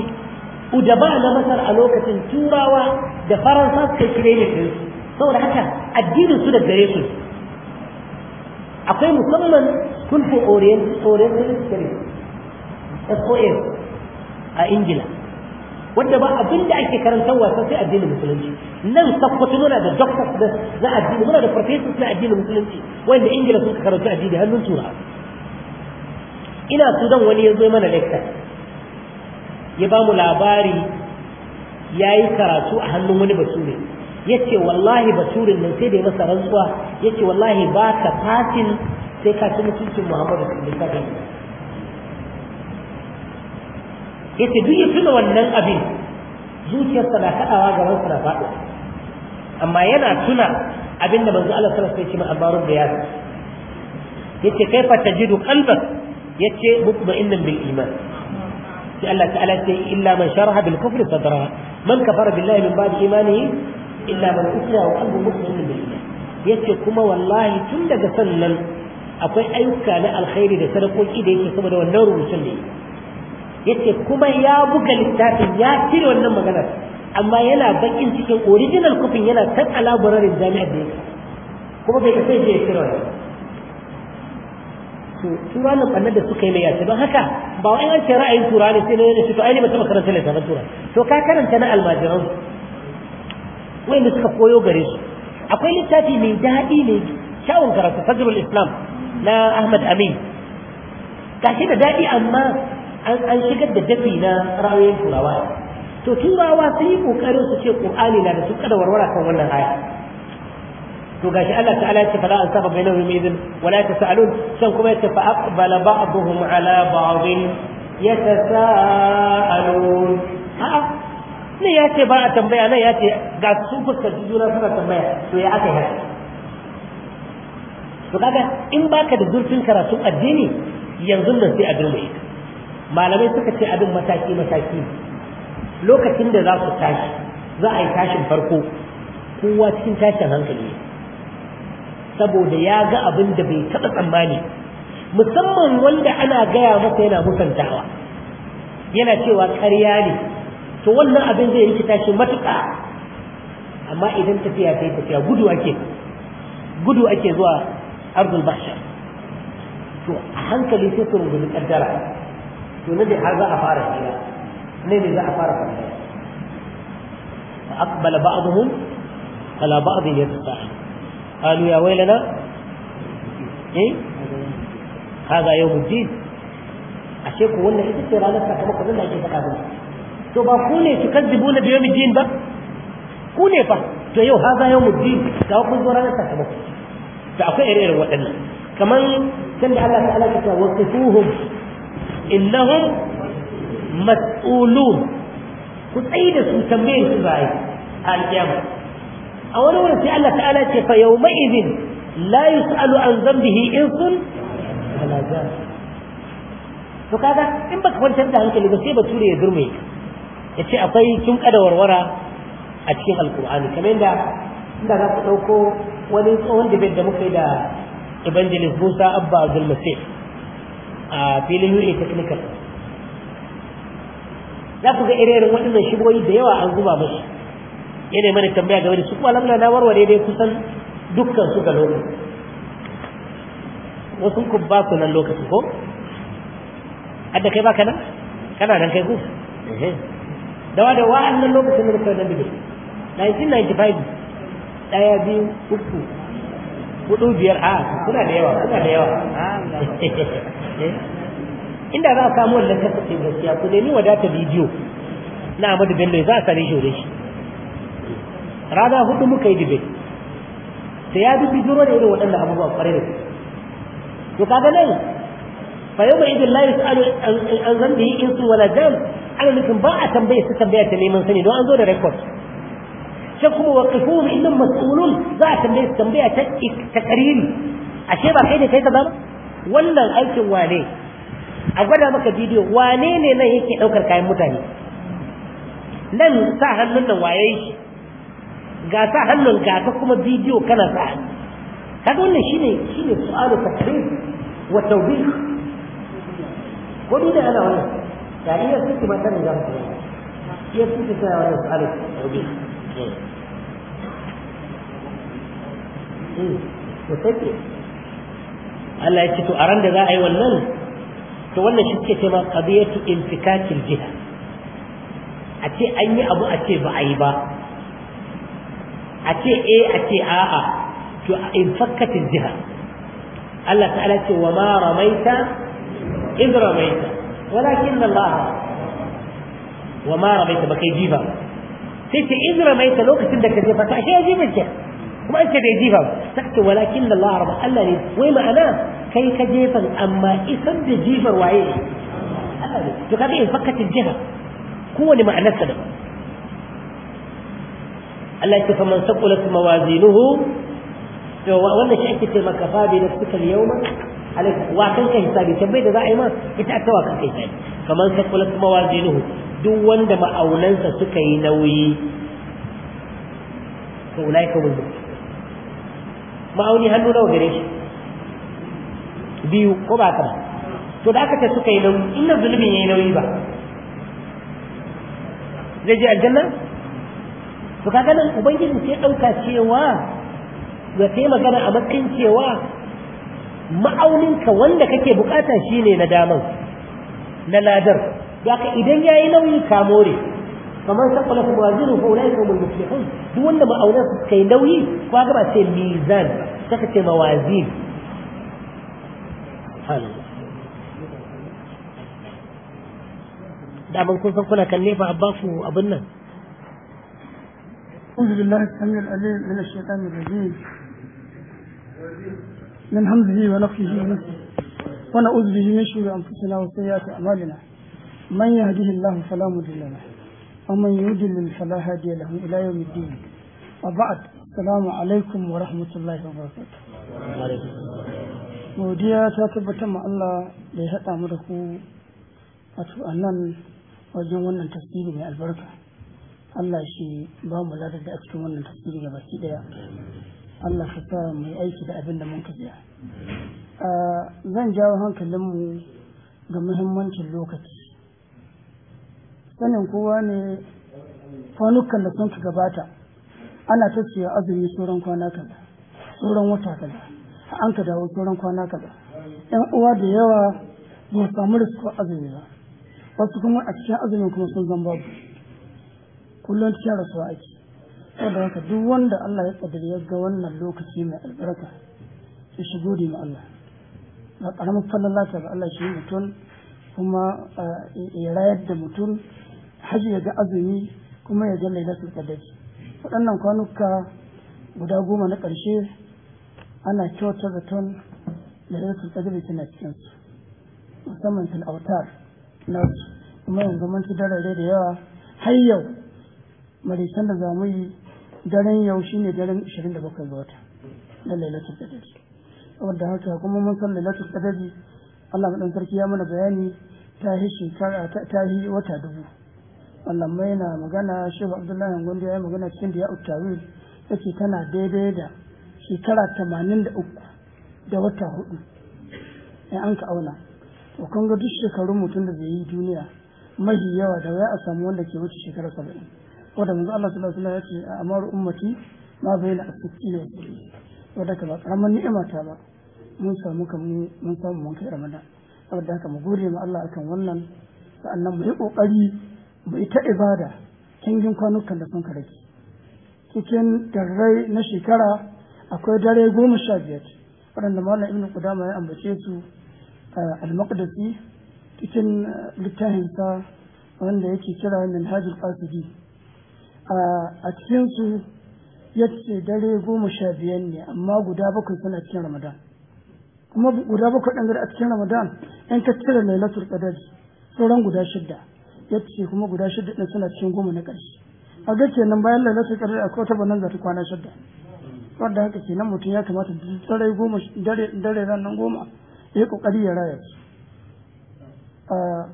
udaba na masar a lokacin turawa da faransa suka kire ne din saboda haka addinin su da gare su akwai musamman sulhu oriental oriental studies a ingila wanda ba abin da ake karantarwa sai sai addinin musulunci nan sakkwato muna da doctors da na addini muna da professors na addinin musulunci wanda ingila sun karanta addini hannun tura ina sudan wani ya zo mana lecture ya ba mu labari ya yi karatu a hannun wani bature ya ce wallahi baturin nan sai da ya masa rantsuwa ya ce wallahi ba ta fatin sai ka ci mutuncin muhammadu sallallahu alaihi yace duk ya tuna wannan abin zuciyarsa na kaɗawa ga wasu na faɗo amma yana tuna abin da manzo Allah sallallahu alaihi wasallam ya ce ma abarun da yasa yace kaifa tajidu qalbak yace mutma'innan bil iman sai Allah ta'ala ce illa man sharaha bil kufri sadra man kafara billahi min ba'di imanihi illa man ukriha wa qalbuhu mutma'innan bil iman yace kuma wallahi tun daga sannan akwai ayyuka na alkhairi da sadakoki da yake saboda wannan rubutun ne yace kuma ya buga littafin ya cire wannan maganar amma yana bakin cikin original kufin yana ta kalaborarin jami'ar da yake kuma bai kasance ya cire wannan to tura nan bannar da suka yi mai yace don haka ba wai an ce ra'ayin tura ne sai ne to ai ne ba ta karanta littafin tura to ka karanta na almajiran wanda suka koyo gare su akwai littafi mai daɗi ne kyawun karatu fajrul islam na ahmad amin gashi da daɗi amma an shigar da dafi na ra'ayoyin turawa to turawa sun yi kokarin su ce qur'ani na da su kada warwara kan wannan aya to gashi Allah ta'ala ya ce fala an saba bainahum idin wala tasalun san kuma ya fa aqbala ba'dhum ala ba'dhin yatasaalun a'a ne ya ce ba a tambaya nan ya ce ga su fuskanci juna suna tambaya to ya aka yi to kaga in baka da zurfin karatun addini yanzu nan sai a girma ita malamai suka ce abin mataki mataki lokacin da za su tashi za a yi tashin farko kowa cikin tashin hankali saboda ya ga abin da bai taɓa tsammani musamman wanda ana gaya masa yana musantawa yana cewa karya ne to wannan abin zai rikita shi matuƙa amma idan tafiya ta yi tafiya gudu ake gudu ake zuwa arzul bashar to a hankali sai su rungumi kaddara جو نے بھی حضا افار کیا اقبل بعضهم على بعض يتساءل قالوا يا ويلنا ايه هذا يوم الدين اشكوا ان انت ترى لك كما كنا نجي تكابون تو بقول تكذبون بيوم الدين ده كوني با تو يوم هذا يوم الدين تو كنت ورانا تكابون تو اكو ايه ايه كمان كان الله تعالى وقفوهم innahum mas'ulun ku tsayi da su tambayar su zai alƙiyama a wani wurin sai Allah ta'ala ce fa yawma idin la yus'alu an zambihi insun wala jan to kaga in baka kwantar da hankali ba sai ba bature ya durme ya ce akwai kin kada warwara a cikin alkur'ani kamar yadda inda za ku ɗauko wani tsohon dibin da muka yi da evangelist musa abba abdul masih a filin yuri technical za ku ga irin waɗannan shigoyi da yawa an zuba musu yanayi mana tambaya game da su kuma lamna na warware dai kusan dukkan su ga lokaci wasu ku ba ku nan lokaci ko adda kai baka nan kana nan kai ku wa da nan lokacin da kai nan bidiyo 1995 daya biyu uku hudu biyar a kuna da yawa kuna da yawa (laughs) Eh? inda za a samu wannan kasafin gaskiya ku nemi wadata bidiyo na Ahmadu Bello za a sare shi da shi rana hudu muka yi dibe sai ya dubi duro da irin waɗannan abubuwa kwarai da to kaga nan fa yau mai idin layu sa'alu an zambi yi insu wala jan ana nufin ba a tambaye su tambaya ta neman sani don an zo da rekod sai kuma waqifuhum innahum mas'ulun za a tambaye su tambaya ta ta karimi ashe ba kai da kai ta ba wannan aikin wane a gwada maka bidiyo wane ne nan yake ɗaukar kayan mutane nan sa hannun nan waye shi ga sa hannun ga ta kuma bidiyo kana sa kaga wannan shine shine su'alu takrif wa tawbih ko duk da ana wannan ga iya suke ma sanin za su iya suke sa wannan su'alu tawbih Mm. Well, Allah ya ce to a ran da za a yi wannan to wannan shi ke cewa qadiyatu infikakil jiha a ce an yi abu a ce ba a yi ba a ce eh a ce a'a to infakatil jiha Allah ta'ala ce wa ma ramaita id ramaita walakin Allah wa ma ramaita ba kai jifa. sai ce id ramaita lokacin da ka jefa ta ashe ya jiba kenan kuma an ce bai jifa ta ce walakin da Allah rabu Allah ne wai ma'ana kai ka jefa, amma isan da jifar waye Allah ne to kaga in fakkatin jiha kowane ma'anar sa da Allah ya fa man saqulat mawazinuhu to wanda shi ake ce maka fa bi nafsika al-yawma alayka wa kanka hisabi tambayi da za a yi ma ita aka wa kanka hisabi kamar saqulat mawazinuhu duk wanda ma'aunansa suka yi nauyi to ulaika hum ma'auni hannu nawa gare shi biyu ko ba ka to da aka ce suka yi nauyi inda ya yi nauyi ba zai je aljanna to kaga nan ubangiji sai ɗauka cewa ya kai magana a matsayin cewa ma'auninka wanda kake bukata shine na daman na ladar da idan ya yi nauyi ka more فمن ثقلت موازينه فاولئك هم المفلحون duk wanda ma'aunan kai nauyi ko ga ba sai mizan saka ce mawazin da ban kun san kuna kalle أعوذ بالله السميع العليم من الشيطان الرجيم من حمده ونفخه ونفخه ونعوذ به من شر أنفسنا وسيئات أعمالنا من يهده الله فلا مضل له ومن يضلل فلا هادي له إلى يوم الدين وبعد السلام عليكم ورحمة الله وبركاته godiya ta tabbatar ma Allah da ya haɗa mu da ku a nan wajen wannan tasiri mai albarka Allah shi ba mu ladar da a cikin wannan tasiri ga baki daya Allah ka sa mai aiki da abin da mun ka zan jawo hankalinmu ga muhimmancin lokaci sanin kowa ne kwanukan da sun gabata ana ta ce azumi sauran kwana kaza sauran wata kaza an ka dawo sauran kwana kaza yan uwa da yawa ba samu suka azumi ba wasu kuma a cikin azumin kuma sun zan babu kullum cikin rasuwa ake haka duk wanda Allah ya kadari ya ga wannan lokaci mai albarka ya shigo da ma Allah ba karamin fallon lafiya ga Allah shi mutum kuma eh, ya rayar da mutum hajji ya ga azumi kuma ya ga lailatul qadr waɗannan kwanuka guda goma na ƙarshe ana kyauta zaton lailatul qadr tana cikin su musamman til autar na kuma yanzu mun ci darare da yawa har yau marisan da za mu yi daren yau shine daren 27 ga wata na lailatul qadr saboda haka kuma mun san lailatul qadr Allah madan sarki ya mana bayani ta yi shekara ta wata dubu wannan mai na magana shehu abdullahi gondo ya yi magana cikin da ya uttawi yake tana daidai da shekara tamanin da uku da wata hudu in an ka auna to kun ga duk shekarun mutum da zai yi duniya mahi yawa da waya a samu wanda ke wuce shekara saba'in wanda manzo Allah sallallahu alaihi wasallam ya ce amaru ummati ma baina as-sittin wa wanda ka ba karamar ni'ima ta ba mun samu kamar mun samu mun kai ramadan saboda haka mu gode ma Allah akan wannan sa'annan mu yi kokari ita ta ibada cikin kwanukan da sun karaki cikin darrai na shekara akwai dare goma sha biyar waɗanda malam ibn qudama ya ambace su al-maqdisi cikin littafinsa wanda yake kira minhajul qasidi a cikin su yace dare goma sha biyar ne amma guda bakwai suna cikin ramadan kuma guda bakwai ɗan a cikin ramadan in ka cire lailatul qadar sauran guda shidda ya kuma guda shida ɗin suna cikin goma na ƙarshe a ga kenan bayan lalata ƙarar akwai wata banan za ta kwana shida wanda haka kenan mutum ya kamata dare goma dare ranar goma ya ƙoƙari ya raya su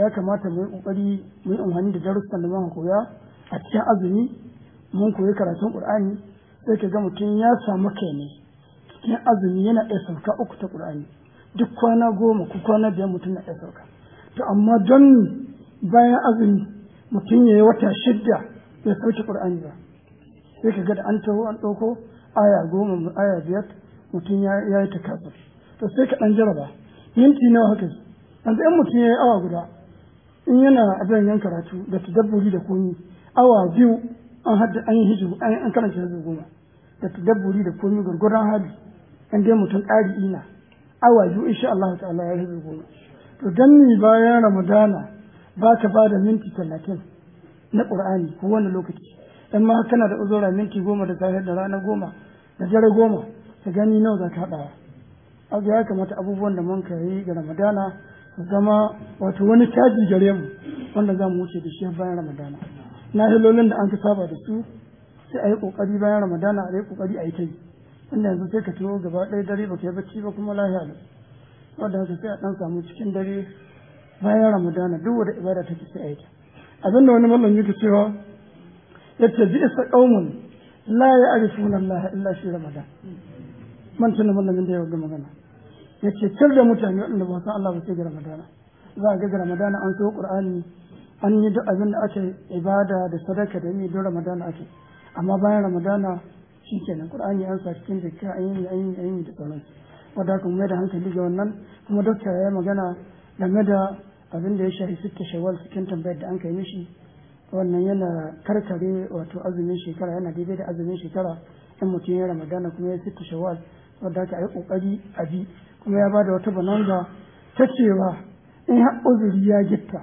ya kamata mu yi ƙoƙari mu yi amfani da darussan da muka koya a cikin azumi mun koyi karatun ƙur'ani sai ka ga mutum ya samu kai ne cikin azumi yana ɗaya sauka uku ta ƙur'ani duk kwana goma ko kwana biyar mutum na ɗaya sauka to amma don bayan azumi mutum ya yi wata shidda bai sauke Qur'ani ba sai ka ga da an taho an ɗauko aya goma aya biyar mutum ya yi takasur to sai ka ɗan jaraba minti nawa haka yanzu in mutum ya yi awa guda in yana abin yan karatu da tadabburi da komi awa biyu an hada an yi hijibu an karanta hijibu goma da tadabburi da komi gurgurar hali an dai mutum ƙari ina awa biyu insha Allah ta'ala ya hijibu goma to dan ni bayan Ramadana ba ka ba da minti talatin na ƙur'ani ko wani lokaci in ma kana da uzura minti goma da safe da rana goma da dare goma da gani nawa za ka haɗawa abu ya kamata abubuwan da mun yi ga ramadana su zama wato wani caji gare mu wanda za mu wuce da shi bayan ramadana na hilolin da an ka saba da su sai a yi ƙoƙari bayan ramadana a yi ƙoƙari a yi ta yi inda yanzu sai ka tuno gaba ɗaya dare ba ka yi bacci ba kuma lahiya ne wanda haka sai a ɗan samu cikin dare bayan ramadana duk wata ibada take sai aiki abin da wani mallam yake cewa yace bi isa qaumun la ya'rifuna Allah illa shi ramadan man tana mallamin da ya ga magana yace tar da mutane wanda ba san Allah ba sai ga ramadana za ga ga ramadana an so qur'ani an yi duk abin da ake ibada da sadaka da yi duk ramadana ake amma bayan ramadana shi nan qur'ani an sa cikin jikka ayin ayin an yi an da sauransu wadda kuma mai da hankali ga wannan kuma dokta ya magana game da abin da ya shafi sitta shawar cikin tambayar da an kai mishi wannan yana karkare wato azumin shekara yana daidai da azumin shekara in mutum ya ramadana kuma ya sitta shawar. wanda aka yi kokari a bi kuma ya bada wata bananga ta cewa in har uzuri ya gitta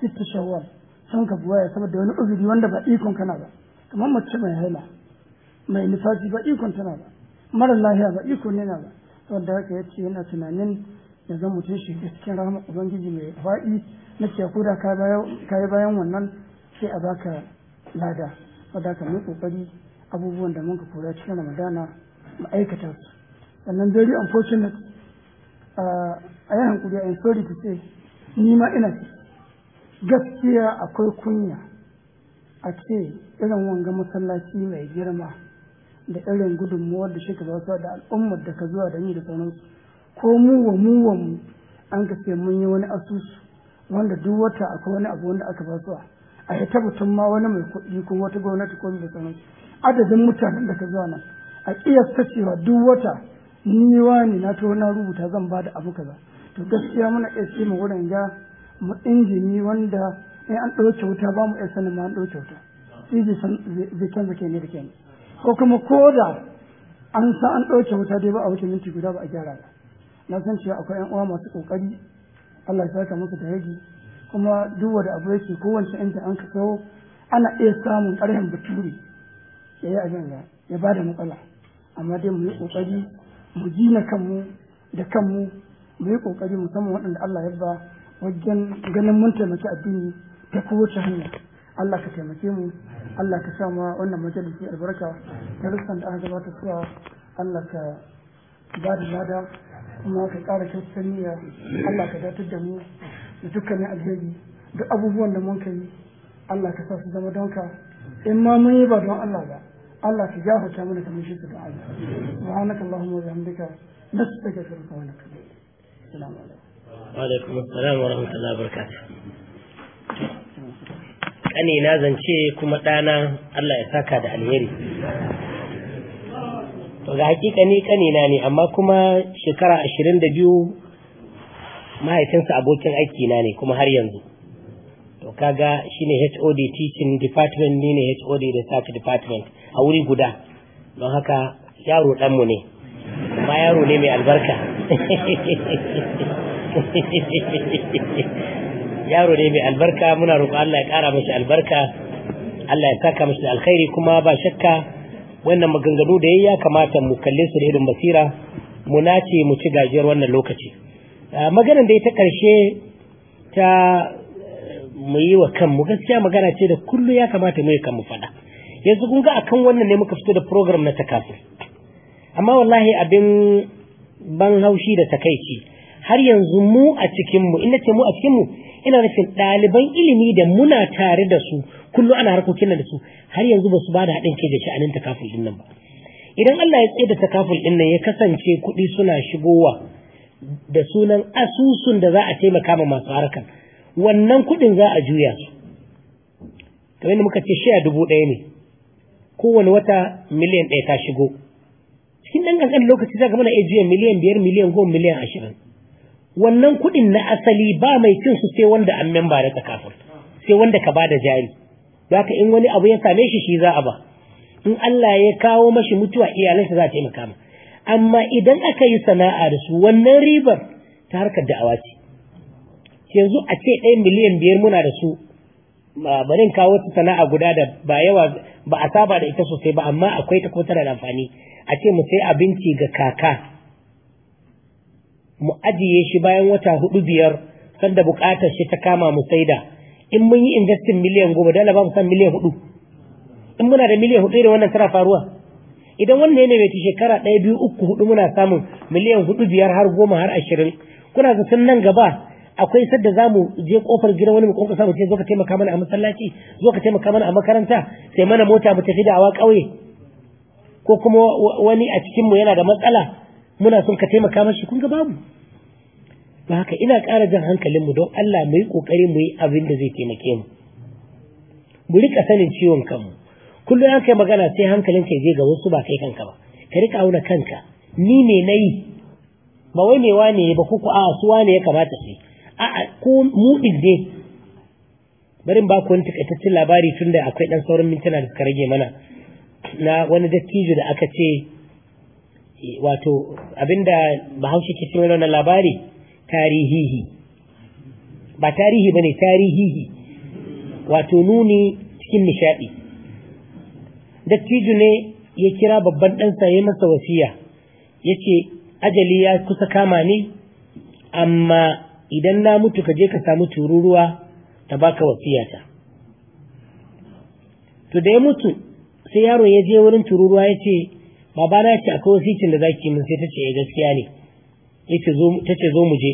sitta shawar. san ka buwaya saboda wani uzuri wanda ba ikon kana ba kamar mace mai haila mai nifasi ba ikon tana ba mara lahiya ba ikon yana ba wanda aka yace ce yana tunanin ya zan mutum da cikin rahama ubangiji mai fa'i na ce ko da ka yi bayan wannan sai a baka lada wadda ka mai kokari abubuwan da muka kura cikin ramadana ma'aikata su sannan very unfortunate a yi hankuri a sorry to say ni ma ina gaskiya akwai kunya a ce irin wanga masallaci mai girma da irin gudunmuwar da shi ka da al'ummar da ka zuwa da ni da sauransu ko mu wa mu wa mu an ka ce mun yi wani asusu wanda duk wata akwai wani abu wanda aka ba su a ya tabbatun ma wani mai kuɗi ko wata gwamnati ko da sanar adadin mutanen da ka zuwa nan a iya cewa duk wata ni ne na to na rubuta zan ba da abu kaza to gaskiya muna iya ce mu wurin ga mu injini wanda in an ɗauke wuta ba mu iya sanin ma an ɗauke wuta iji san zikin zake ne da ke ko kuma ko da an sa an ɗauke wuta dai ba a wuce minti guda ba a gyara ba na san cewa akwai yan uwa masu kokari Allah ya saka musu da yaji kuma duk wanda abu yake kowace inda an kaso ana iya samun ƙarfin bature ya yi abin ya ba da matsala amma dai mu yi kokari mu gina kanmu da kanmu mu yi kokari musamman waɗanda Allah ya ba wajen ganin mun taimaki addini ta kowace hanya Allah ka taimake mu Allah ka sa ma wannan majalisi albarka darussan da aka gabata suwa Allah ka ba lada kuma ka kara kyautar niyya Allah ka datar da mu da dukkanin alheri duk abubuwan da mun ka yi Allah ka sa su zama don ka in ma mun yi ba don Allah ba Allah ka gafarta mana kamar shi su da Allah subhanaka allahumma wa bihamdika nastaghfiruka wa natubu assalamu alaikum wa alaikum assalam wa rahmatullahi wa barakatuh kani na zance kuma dana Allah ya saka da alheri ga hakika ni kanina ne amma kuma shekara ashirin da biyu mahaifinsa abokin aiki na ne kuma har yanzu to kaga shine HOD teaching department ni ne HOD research department a wuri guda don haka yaro dan mu ne kuma yaro ne mai albarka (laughs) yaro ne mai albarka muna roƙon Allah ya ƙara mashi albarka Allah ya saka mashi alkhairi kuma ba shakka wannan maganganu da ya kamata mu kalle su da irin basira mu nace mu ci gajiyar wannan lokaci ah, maganar da ta karshe ta mu yi wa kanmu gaskiya magana ce da kullum ya kamata mu yi kanmu faɗa yanzu kun ga akan wannan ne muka fito da program na takafur amma wallahi abin ban haushi da takaici har yanzu mu a cikinmu in ce mu a cikin cikinmu ina nufin ɗaliban ilimi da muna tare da su kullum ana harkokin da su har yanzu ba su ba da haɗin kai da sha'anin takaful din nan ba idan Allah ya tsaye da takaful din nan ya kasance kuɗi suna shigowa da sunan asusun da za a taimaka ma masu harkar wannan kuɗin za a juya su kamar yadda muka ce shaya dubu ɗaya ne kowane wata miliyan ɗaya ta shigo cikin ɗan ƙanƙan lokaci za ka mana iya miliyan biyar miliyan goma miliyan ashirin wannan kuɗin na asali ba mai cin su sai wanda an memba da kafin sai wanda ka bada jari zaka in wani abu ya same shi shi za a ba in Allah ya kawo mashi mutuwa iyalansa za ta taimaka ma amma idan aka yi sana'a da su wannan ribar ta harkar da awaci. yanzu a ce ɗaya miliyan biyar muna da su bari kawo su sana'a guda da ba yawa ba a saba da ita sosai ba amma akwai ta kotar tana da amfani a ce mu sai abinci ga kaka mu ajiye shi bayan wata hudu biyar sanda bukatar shi ta kama mu saida in mun yi investin miliyan goma dala ba mu san miliyan hudu in muna da miliyan hudu da wannan tana faruwa idan wannan ne mai shekara ɗaya biyu uku hudu muna samun miliyan hudu biyar har goma har ashirin kuna sun nan gaba akwai sadda za mu je kofar gidan wani mu kasa samu ce zo ka taimaka mana a masallaci zo ka taimaka mana a makaranta sai mana mota mu tafi da awa ƙauye ko kuma wani a cikin mu yana da matsala muna son ka taimaka mashi kun ga babu ba haka ina ƙara jan mu don Allah mu yi ƙoƙari mu yi abin da zai taimake mu mu rika sanin ciwon kanmu kullum an kai magana sai hankalin ka je ga wasu ba kai kanka ba ka rika auna kanka ni ne nayi ba wai me wane ba ko a su wane ya kamata sai a ko mu ne bari ba ku wani takaitaccen labari tunda akwai dan sauran mintuna da suka rage mana na wani dattijo da aka ce wato abinda bahaushe ke cewa wannan labari tarihihi ba tarihi bane tarihihi wato nuni cikin nishadi dattijo ne ya kira babban ɗansa ya masa wasiya ya ce ajali ya kusa kama ni amma idan na mutu ka je ka samu tururuwa ta baka wasiyata to da ya mutu sai yaro ya je wurin tururuwa ya ce baba na ce akwai wasikin da zaki min sai ta ce eh, gaskiya ne ta ce zo mu je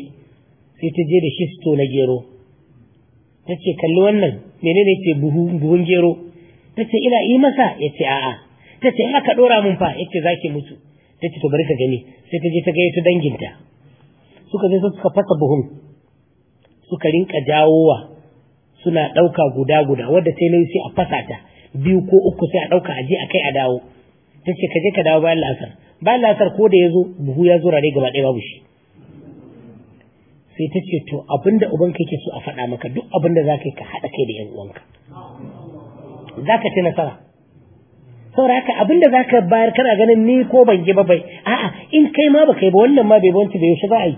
sai ta je da shisto na gero ta ce kalli wannan menene ce buhun gero ta ce ina yi masa ya ce a'a ta ce in aka dora mun fa ya ce zaki mutu ta ce to bari ka gani sai ta je ta gaya ta danginta suka je suka fasa buhun suka rinka jawowa suna ɗauka guda guda wadda sai na sai a fasa ta biyu ko uku sai a ɗauka a je a kai a dawo ta ce ka je ka dawo bayan lasar, bayan la'asar ko da ya zo buhu ya zo rare gaba ɗaya babu shi sai ta ce to abinda ubanka yake so a faɗa maka duk abinda za ka yi ka haɗa kai da yan uwanka za ka ci nasara saboda haka abinda za ka bayar kana ganin ni ko ban ba bai a'a in kai ma ba kai ba wannan ma bai ban ta bai yaushe za a yi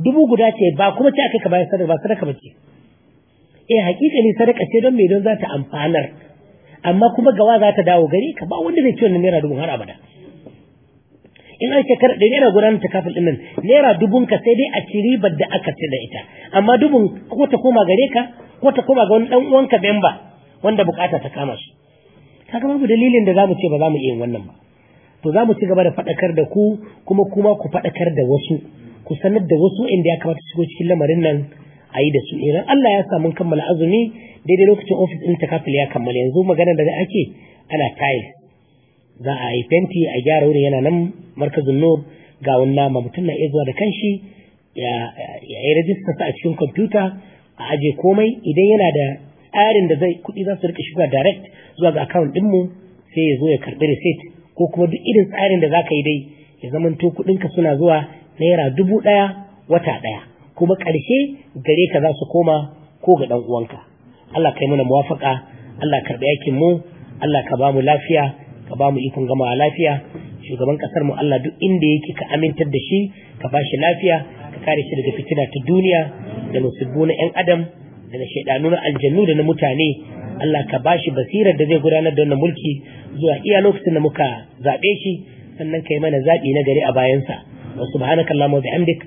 dubu guda ce ba kuma ce aka ka bayar sadaka ba sadaka ba ce eh hakika ne sadaka ce don me don za ta amfanar amma kuma gawa za ta dawo gari ka ba wanda zai ci wannan naira dubu har abada in an shekara da naira gudanar da kafin ɗin nan naira dubun ka sai dai a ci ribar da aka ci da ita amma dubun ko ta koma gare ka ko ta koma ga wani ɗan uwanka memba wanda bukata ta kama shi kaga babu dalilin da zamu ce ba zamu iya wannan ba to zamu ci gaba da faɗakar da ku kuma kuma ku faɗakar da wasu ku sanar da wasu inda ya kamata su shigo cikin lamarin nan a yi da su idan Allah ya samu kammala azumi daidai lokacin ofis ɗin takafil ya kammala yanzu magana da ake ana tayil za a yi fenti a gyara wurin yana nan markazin nur ga wannan ma mutum na iya zuwa da kanshi ya yi rajista sa a cikin kwamfuta a aje komai idan yana da tsarin da zai kuɗi za su rika shiga direct zuwa ga account ɗinmu sai ya zo ya karɓi receipt ko kuma duk irin tsarin da za ka yi dai ya zamanto kuɗinka suna zuwa naira dubu ɗaya wata ɗaya kuma ƙarshe gare ka za su koma ko ga ɗan uwanka Allah kai mana muwafaka Allah karɓi aikin mu Allah ka bamu lafiya ka bamu ikon gama lafiya shugaban ƙasar mu Allah duk inda yake ka amintar da shi ka ba shi lafiya ka kare shi daga fitina ta duniya da musibbu na 'yan adam da na shaidanu na aljannu da na mutane Allah ka ba shi basirar da zai gudanar da wannan mulki zuwa iya lokacin da muka zaɓe shi sannan ka yi mana zaɓi na gari a bayansa wa subhanakallahumma wa bihamdika